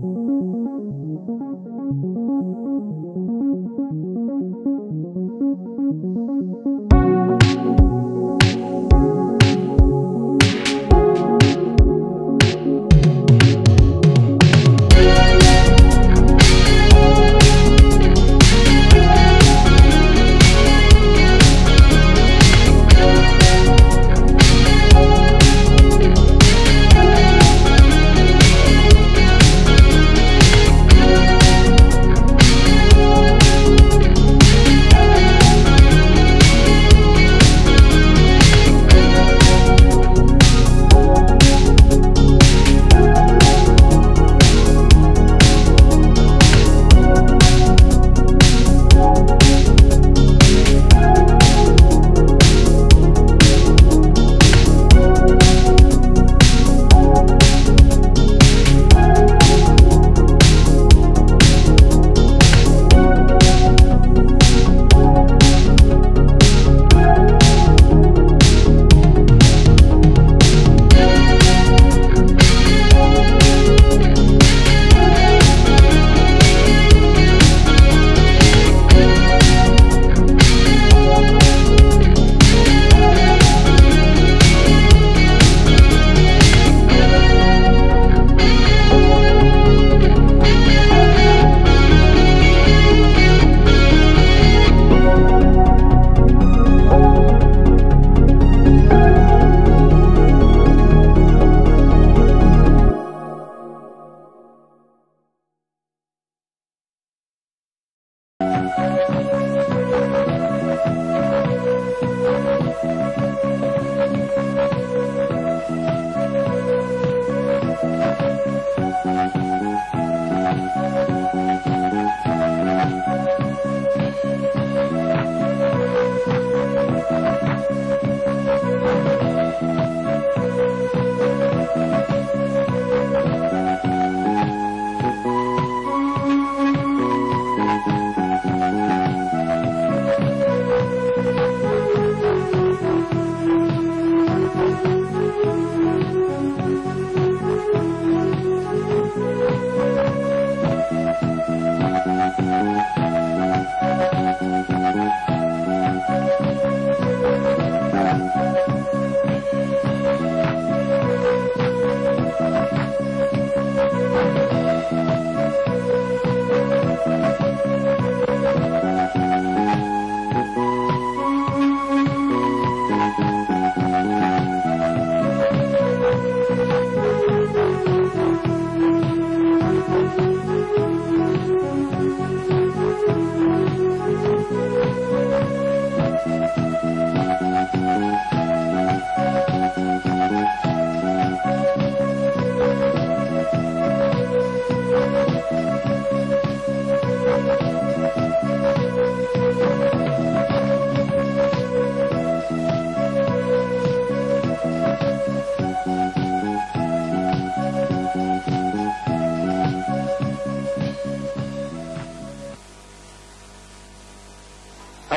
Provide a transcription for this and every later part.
Thank you.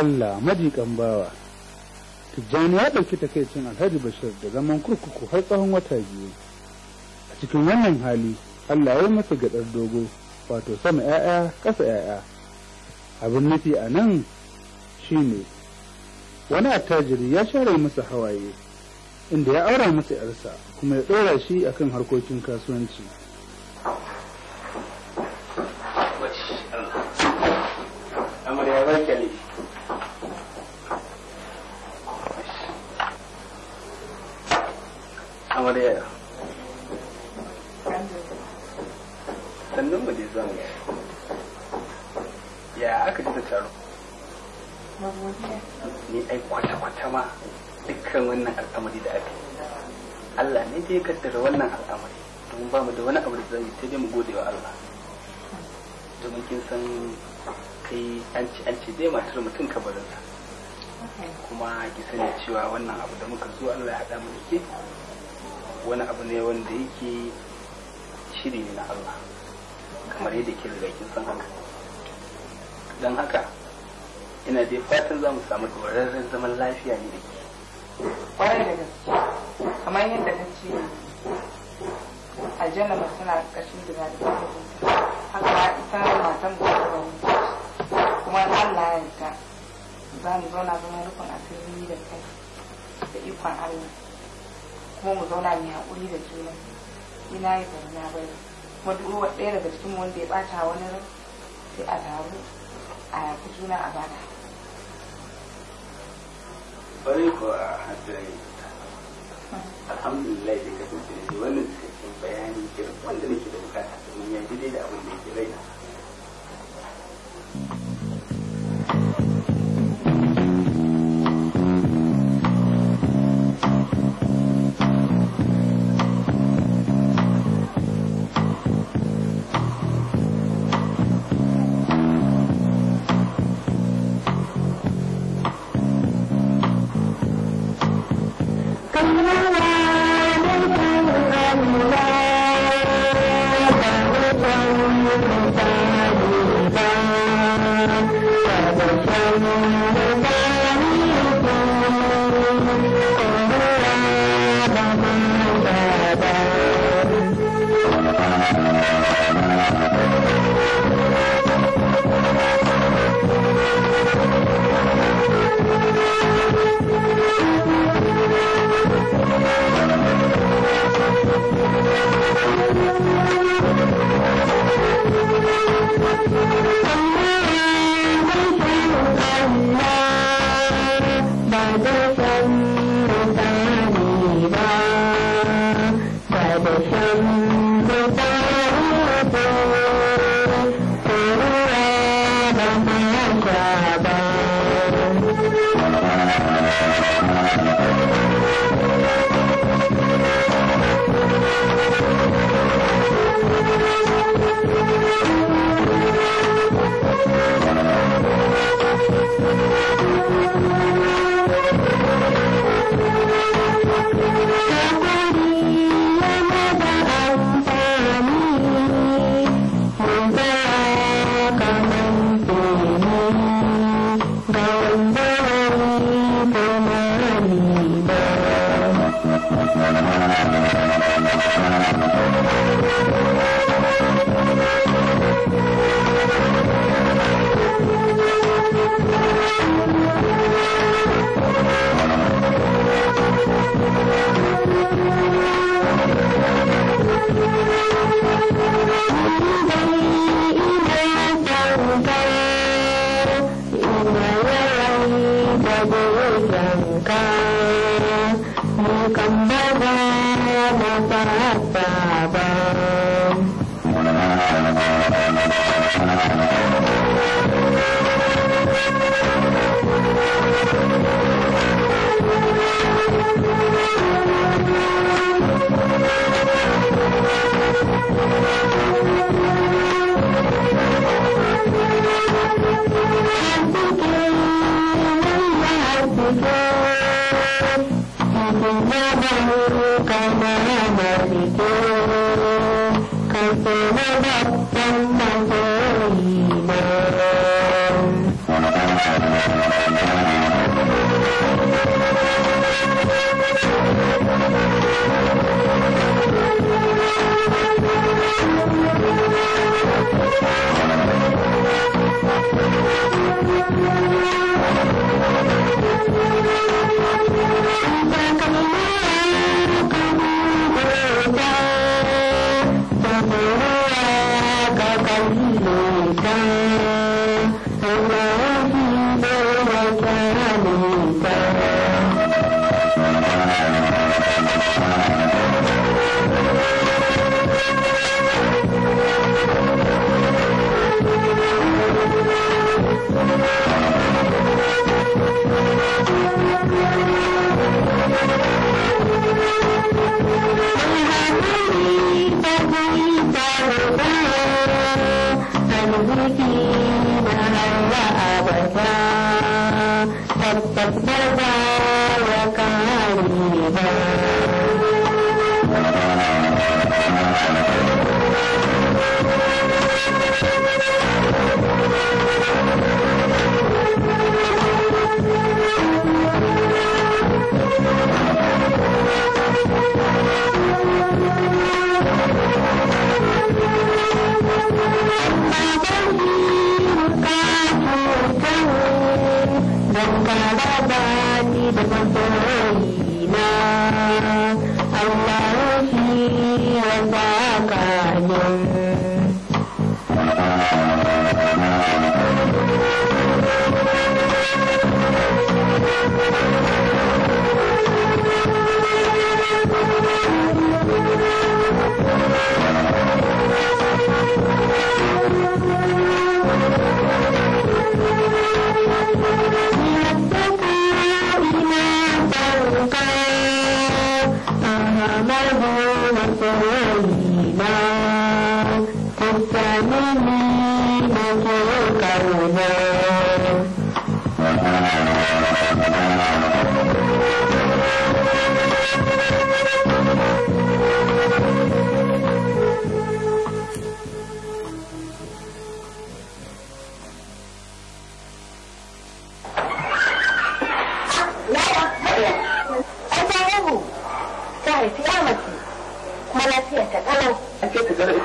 Allah majikan bawa tijjani ya ɗauki takaicin alhaji bashir da zaman kurkuku har tsawon wata biyu a cikin wannan hali Allah ya yi masa gaɗar dogo wato sama 'ya'ya ƙasa 'ya'ya abin nufi a nan shine wani attajiri ya share masa hawaye inda ya aura masa 'yarsa kuma ya ɗora shi akan harkokin kasuwanci. ni ai kwata-kwata ma dukkan wannan al'amari da aka Allah ne da ya kaddara wannan al'amari domin ba mu da wani abu da zai ta dai mu gode wa Allah domin kin san kai an ci an ci dai matar mutum kabarinsa kuma ki sani cewa wannan abu da muka zo Allah ya haɗa mu ke wani abu ne wanda yake shiri ne na Allah kamar yadda kin riga kin san haka don haka ina dai fatan za mu samu dorarren zaman lafiya ne da ke kwarai da gaske kamar yadda ka ce aljanna ba suna ƙarshen da ba haka ba ita matan da ta kuma Allah ya yarda za mu zauna zama rufin asiri da kai da ikon Allah kuma mu zauna mai haƙuri da juna ina yi barna bari kuma duk ɗaya daga cikin wanda ya ɓata wani rai sai a taru a yaku juna a bada bari ko a hadirai alhamdulillah da kasance da wannan cikakken bayani ke wanda nake da bukata domin ya daidai da abin da yake raina Let's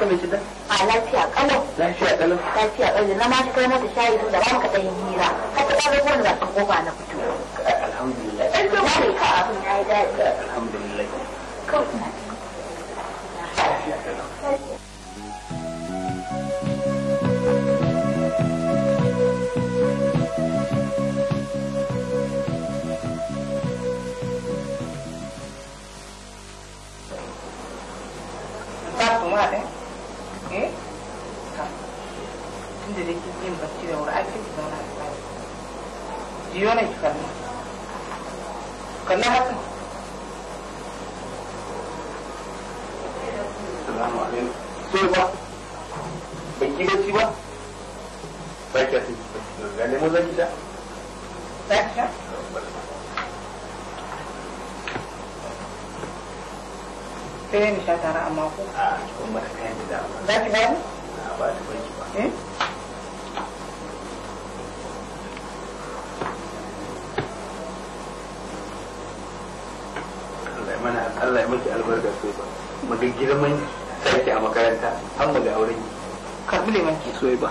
mai shida? A lafiya kalau. Lafiya kalau. Lafiya kalau na ma shi kai mata shayi tun da ba hira. Ka ta ɗaga kofa na fito. Alhamdulillah. Ɗan ka abin ya yi daɗi. Alhamdulillah. Kawai Yunai kanna kanna haka Assalamu alaikum sai ba bai ki bacci ba sai ka ci ga ne mu zaki sha sai ka sai ni sha tara amma ko a ah, kuma da kai da za ki bayar ba da bai ki ba eh Allah ya miki albarka sai ba mu ga girman sake a makaranta an mu ga auren ki bi ne ki soyi ba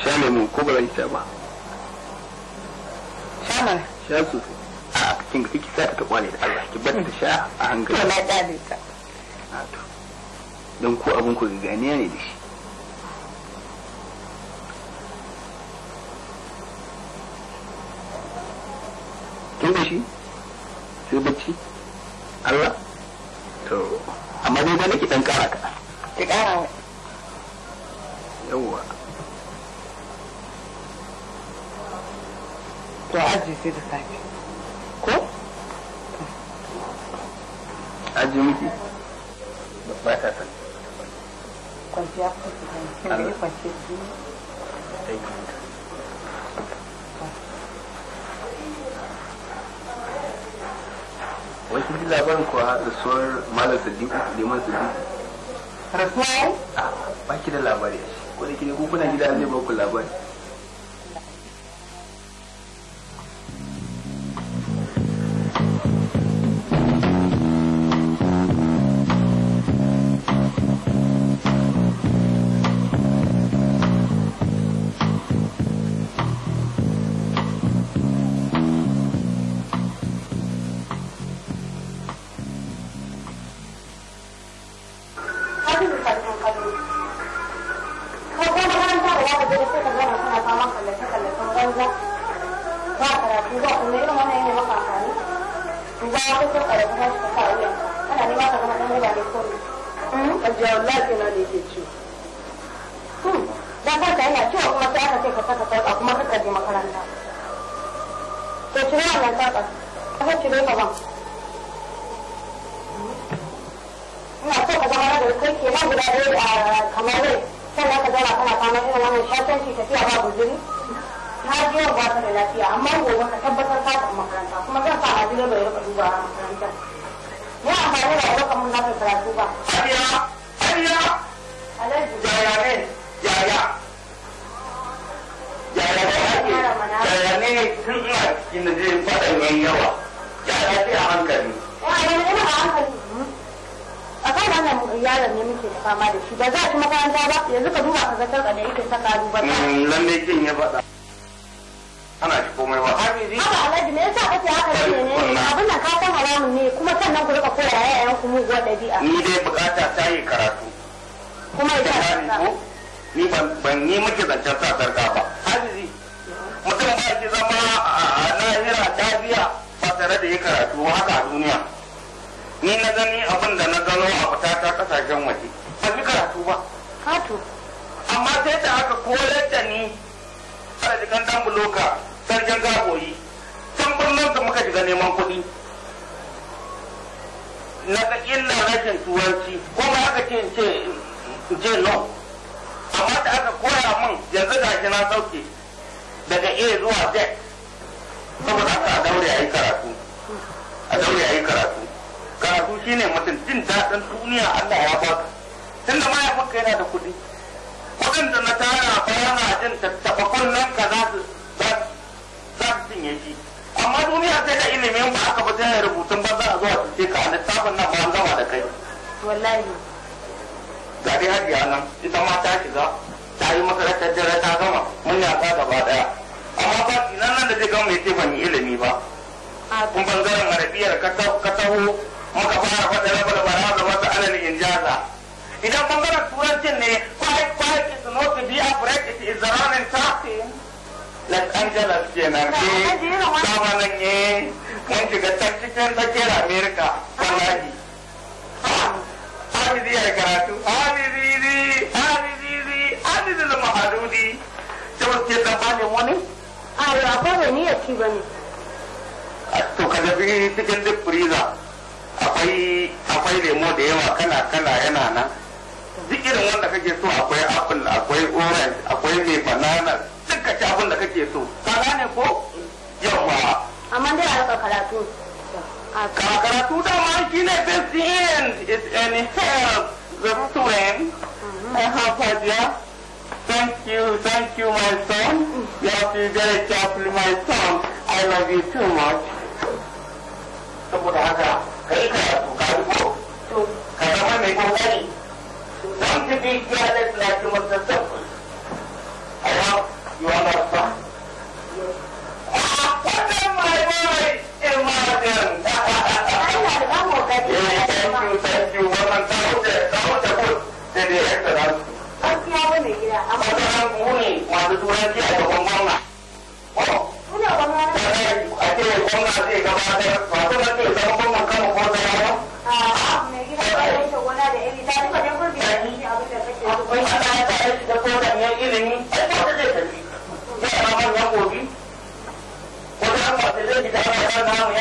sha ne mu ko ba zan ba sha mana sha su a kin ki ki sa ta kwane da Allah ki bar ta sha a hankali to na kyale ta to dan ko abun ku ganiya ne da kin da shi sai bacci Allah to amma dai gane ki kara ka ki kara yawa to aji sai da safe ko aji miki ba ta san kwanciya kwanciya kwanciya wai kun ji labarin kuwa rasuwar malam sadiku liman sadiku rasuwa ah, ba ki da labari ko da kine kuna gida zai ba ku labari alaƙa ki ina so ka zama da kai ke nan guda a kamar rai sannan ka kana irin wannan shatanci tafiya ba guzuri na ji yau ba ta da lafiya amma gobe ka tabbatar ka tafi makaranta kuma zan sa a jira bai rika duba a makaranta da kamar na kai karatu ba. Sariya! Sariya! Alhaji. Yaya ne? Yaya! yaya ne tun ina cikin da zai faɗan yayi yawa ya ta ce a hankali wa'ayan ina a hankali a kan wannan yaron ne muke fama da shi ba za a ci makaranta ba yanzu ka duba ka ga sarƙa da yake ta ƙalubale mm, lallai kin ya faɗa ana shi komai ba habibi haba ne ya sa kace haka ne ne abin nan ka san haramun ne kuma sannan ku rika koya yayan ku muguwa ɗabi'a. ni dai bukata ta yi karatu kuma ya ta ni ban ban yi miki zancen sa sarka ba habibi mutum ba shi zama a lahira tafiya ba tare da ya karatu haka a duniya ni na gani abin da na gano a fita ta kasashen waje ba fi karatu ba kato amma sai ta haka koyar da ni a jikan dan buloka sarjan gaboyi can birnin da muka shiga neman kuɗi na ga illa rashin turanci ko ma aka ce in ce in ce no amma da aka koya min yanzu shi na sauke daga a zuwa z saboda haka a daure a yi karatu a daure a yi karatu karatu shine mutum jin daɗin duniya allah ya baka tun da ya maka yana da kuɗi kuɗin da na tara ba a jin tattaɓa kullum ka za su za su cinye shi amma duniya sai da ilimin ba aka ba sai rubutun ba za a zuwa su ce ka a littafin nan ba an gama da kai wallahi ga dai hajiya nan ita ma ta shiga ta yi makarantar dare ta mu mai tefa yi ilimi ba kun bangaren arabiyar ka taho muka fara faɗa da baraza alal injaza idan bangaren turancin ne quiet quiet ke not to biya afraid it is the running Los cikin tsakiyar wallahi ya karatu ke a ba ko ban niyyar ci ba ne to ka tafi cikin duk firiza akwai akwai lemo da yawa kala kala yana nan duk irin wanda kake so akwai apple akwai orange akwai mai banana duk ka ci abin da kake so ka gane ko yawa amma dai a ka karatu karatu da ma shi ne best end is any help the student I have idea. Thank you, thank you, my son. You have very careful, my son. I love you too much. ka ko? Don't be 啊。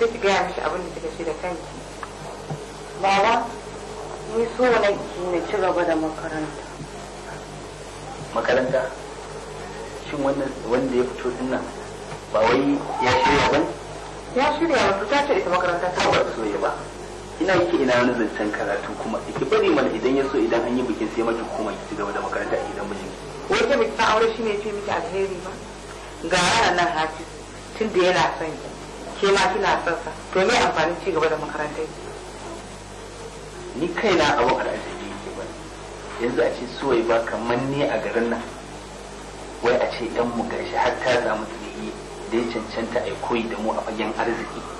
sai ki gaya mishi abin da kika ce da kanki baba ni so na ki na ci gaba da makaranta makaranta shin wannan wanda ya fito din nan ba wai ya shirya ba ya shirya wato ta ce ita makaranta ta ba so ya ba ina yake ina wani zancen karatu kuma ki bari mana idan ya so idan an yi bikin sai maki kuma ki gaba da makaranta a gidan mijinki wai ta biki aure shi ya ce miki alheri ba ga ranar nan hafi tun da yana son ki ke ma kina son sa to me amfanin ci gaba da makarantar ni kaina abokar arziki yake ba yanzu a ce soyi ba kamar ni a garin nan wai a ce dan mu gashi har ta samu tsiri da ya cancanta a koyi da mu a fagen arziki